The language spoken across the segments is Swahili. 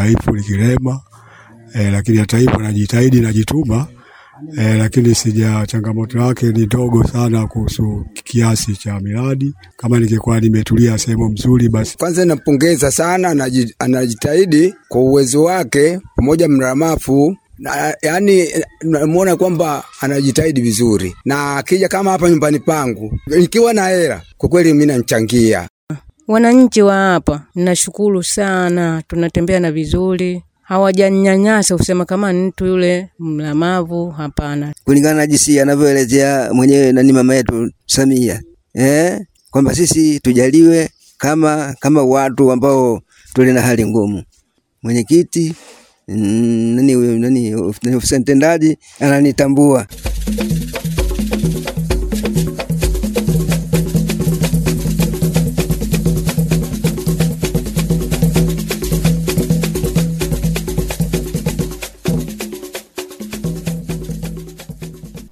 dhaifu, ni kilema e, lakini hata hivyo najitahidi, najituma e, lakini sija, changamoto yake ni ndogo sana kuhusu kiasi cha miradi. Kama ningekuwa nimetulia sehemu mzuri, basi kwanza nampongeza sana, anajitahidi kwa uwezo wake, pamoja mramafu na, yani namuona kwamba anajitahidi vizuri, na akija kama hapa nyumbani pangu nikiwa na hela, kwa kweli mimi namchangia. Wananchi wa hapa nashukuru sana, tunatembea na vizuri, hawajanyanyasa kusema kama ni mtu yule mlamavu Hapana, kulingana na jinsi anavyoelezea mwenyewe nani mama yetu Samia eh, kwamba sisi tujaliwe kama kama watu ambao tuli na hali ngumu. Mwenyekiti mm, nani, nani, nani ofisa mtendaji ananitambua.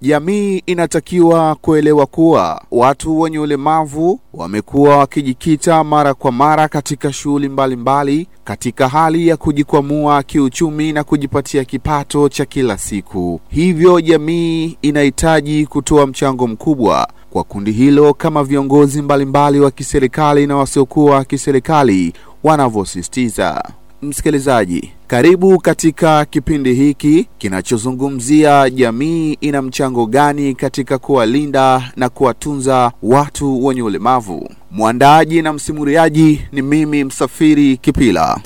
Jamii inatakiwa kuelewa kuwa watu wenye ulemavu wamekuwa wakijikita mara kwa mara katika shughuli mbalimbali katika hali ya kujikwamua kiuchumi na kujipatia kipato cha kila siku. Hivyo jamii inahitaji kutoa mchango mkubwa kwa kundi hilo kama viongozi mbalimbali wa kiserikali na wasiokuwa wa kiserikali wanavyosisitiza msikilizaji, karibu katika kipindi hiki kinachozungumzia jamii ina mchango gani katika kuwalinda na kuwatunza watu wenye ulemavu. Mwandaaji na msimuriaji ni mimi Msafiri Kipila.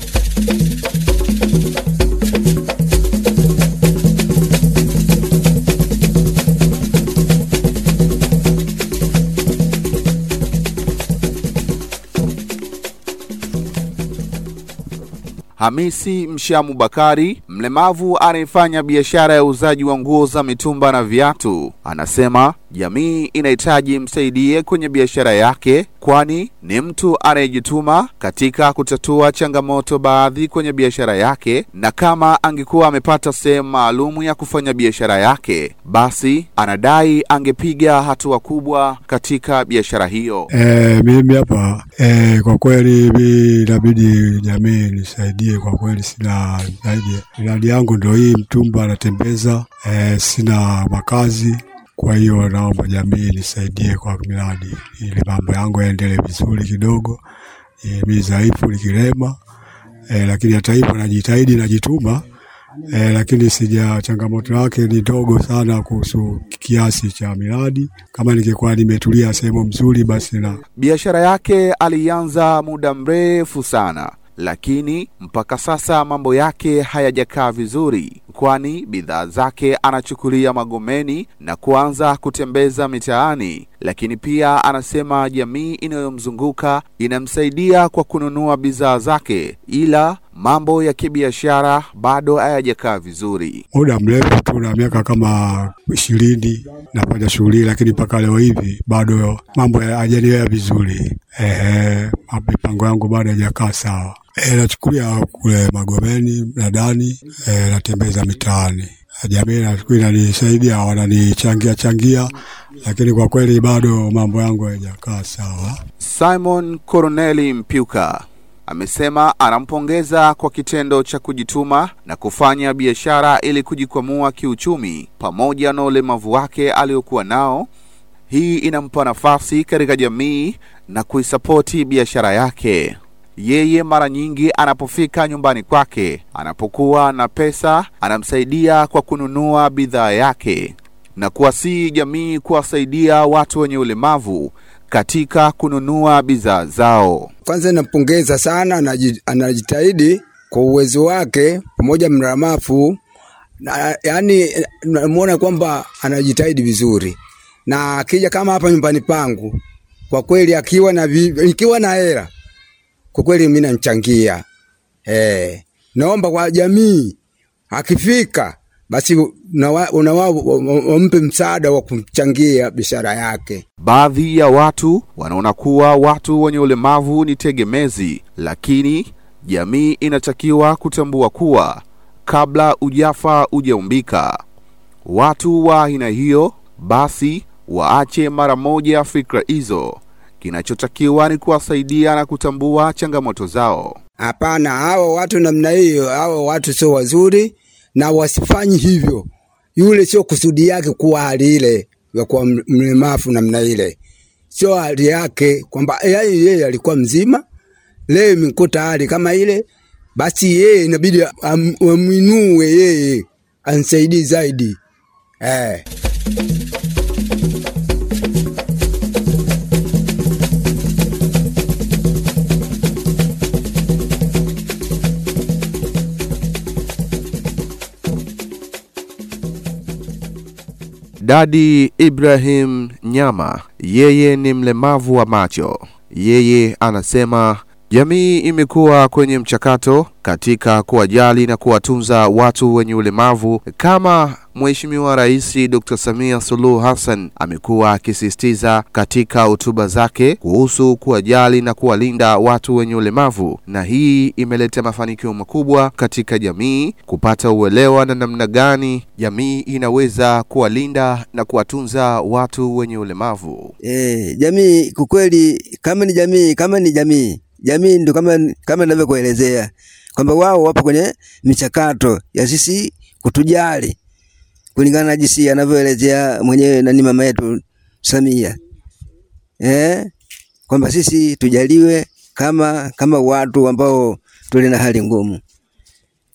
Hamisi Mshamu Bakari, mlemavu anayefanya biashara ya uuzaji wa nguo za mitumba na viatu, anasema Jamii inahitaji msaidie kwenye biashara yake, kwani ni mtu anayejituma katika kutatua changamoto baadhi kwenye biashara yake, na kama angekuwa amepata sehemu maalumu ya kufanya biashara yake, basi anadai angepiga hatua kubwa katika biashara hiyo. E, mimi hapa e, kwa kweli mi inabidi jamii nisaidie kwa kweli, sina zaidi. Miradi yangu ndio hii, mtumba anatembeza. E, sina makazi kwa hiyo naomba jamii nisaidie kwa miradi ili mambo yangu yaendelee vizuri kidogo. E, mi dhaifu ni e, eh, lakini hata hivyo najitahidi, najituma e, lakini sija, changamoto yake ni ndogo sana kuhusu kiasi cha miradi. Kama ningekuwa nimetulia sehemu mzuri basi. Na biashara yake alianza muda mrefu sana, lakini mpaka sasa mambo yake hayajakaa vizuri kwani bidhaa zake anachukulia Magomeni na kuanza kutembeza mitaani, lakini pia anasema jamii inayomzunguka inamsaidia kwa kununua bidhaa zake, ila mambo ya kibiashara bado hayajakaa vizuri. Muda mrefu tu na miaka kama ishirini nafanya shughuli, lakini mpaka leo hivi bado mambo hayajaniwea vizuri. Ehe, mipango yangu bado yajakaa sawa. E, nachukulia kule Magomeni nadani e, eh, natembeza mitaani jamii, nafikiri inanisaidia, wananichangia changia, lakini kwa kweli bado mambo yangu hayajakaa sawa. Simon Koroneli Mpyuka amesema anampongeza kwa kitendo cha kujituma na kufanya biashara ili kujikwamua kiuchumi pamoja na ulemavu wake aliokuwa nao. Hii inampa nafasi katika jamii na kuisapoti biashara yake. Yeye mara nyingi anapofika nyumbani kwake, anapokuwa na pesa, anamsaidia kwa kununua bidhaa yake na kuwasihi jamii kuwasaidia watu wenye ulemavu katika kununua bidhaa zao. Kwanza nampongeza sana, anajitahidi kwa uwezo wake, pamoja mramafu na, yani namuona kwamba anajitahidi vizuri, na akija kama hapa nyumbani pangu, kwa kweli akiwa na ikiwa na hela kwa kweli mimi namchangia eh. Naomba kwa jamii akifika basi wampe msaada wa kumchangia biashara yake. Baadhi ya watu wanaona kuwa watu wenye ulemavu ni tegemezi, lakini jamii inatakiwa kutambua kuwa kabla ujafa ujaumbika. Watu wa aina hiyo basi waache mara moja fikra hizo Kinachotakiwa ni kuwasaidia na kutambua changamoto zao. Hapana, hao watu namna hiyo, hao watu sio wazuri na wasifanyi hivyo. Yule sio kusudi yake kuwa hali ile ya kuwa mlemavu namna ile, sio hali yake, kwamba eh, yeye yeye alikuwa mzima, leo imekuta hali kama ile, basi yeye inabidi amwinue yeye, ansaidii zaidi eh. Dadi Ibrahim Nyama, yeye ni mlemavu wa macho. Yeye anasema Jamii imekuwa kwenye mchakato katika kuwajali na kuwatunza watu wenye ulemavu kama Mheshimiwa Rais Dr. Samia Suluhu Hassan amekuwa akisisitiza katika hotuba zake kuhusu kuwajali na kuwalinda watu wenye ulemavu, na hii imeleta mafanikio makubwa katika jamii kupata uelewa na namna gani jamii inaweza kuwalinda na kuwatunza watu wenye ulemavu. E, jamii kukweli, kama ni jamii, kama ni jamii jamii ndio kama kama ninavyokuelezea kwamba wao wapo kwenye michakato ya sisi kutujali kulingana na jinsi anavyoelezea mwenyewe nani mama yetu Samia eh, kwamba sisi tujaliwe kama kama watu ambao tuli na hali ngumu,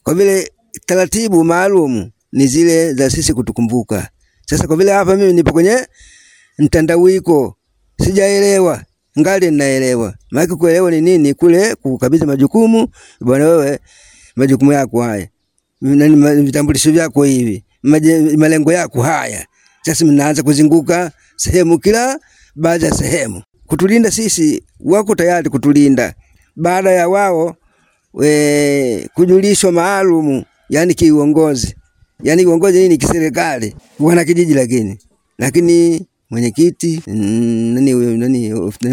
kwa vile taratibu maalum ni zile za sisi kutukumbuka. Sasa kwa vile hapa mimi nipo kwenye mtandawiko, sijaelewa ngali naelewa. Maana kuelewa ni nini? Kule kukabidhi majukumu, bwana wewe, majukumu yako haya na vitambulisho vyako hivi, malengo yako haya. Sasa mnaanza kuzunguka sehemu, kila baada ya sehemu kutulinda sisi. Wako tayari kutulinda baada ya wao we, kujulishwa maalumu, yani kiuongozi, yani uongozi nini kiserikali, wana kijiji, lakini lakini mwenyekiti mm, nani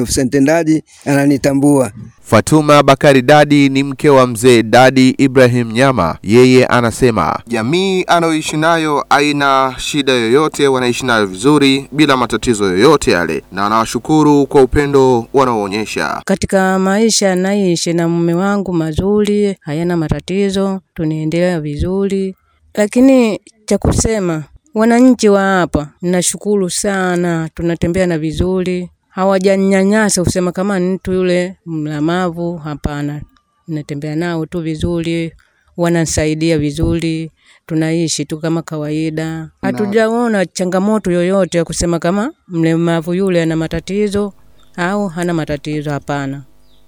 ofisa mtendaji ananitambua. Fatuma Bakari Dadi ni mke wa mzee Dadi Ibrahim Nyama. Yeye anasema jamii anayoishi nayo haina shida yoyote, wanaishi nayo vizuri bila matatizo yoyote yale, na anawashukuru kwa upendo wanaoonyesha katika maisha. Naishi na mume wangu mazuri, hayana matatizo, tunaendelea vizuri, lakini cha kusema wananchi wa hapa nashukuru sana, tunatembea na vizuri, hawajanyanyasa kusema kama mtu yule mlamavu Hapana, natembea nao tu vizuri, wanansaidia vizuri, tunaishi tu kama kawaida. Hatujaona changamoto yoyote ya kusema kama mlemavu yule ana matatizo au hana matatizo. Hapana,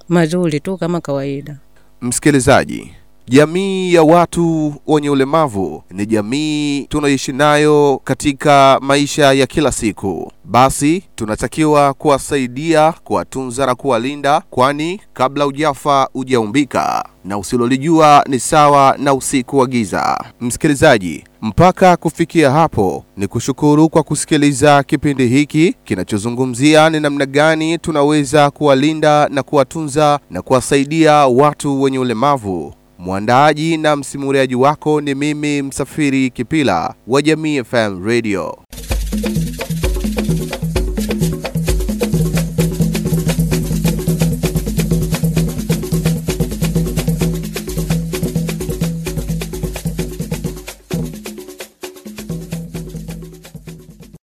mazuri tu kama kawaida. Msikilizaji, Jamii ya watu wenye ulemavu ni jamii tunayoishi nayo katika maisha ya kila siku. Basi tunatakiwa kuwasaidia, kuwatunza na kuwalinda, kwani kabla ujafa ujaumbika na usilolijua ni sawa na usiku wa giza. Msikilizaji, mpaka kufikia hapo ni kushukuru kwa kusikiliza kipindi hiki kinachozungumzia ni namna gani tunaweza kuwalinda na kuwatunza na kuwasaidia watu wenye ulemavu Mwandaaji na msimuliaji wako ni mimi Msafiri Kipila wa Jamii FM Radio.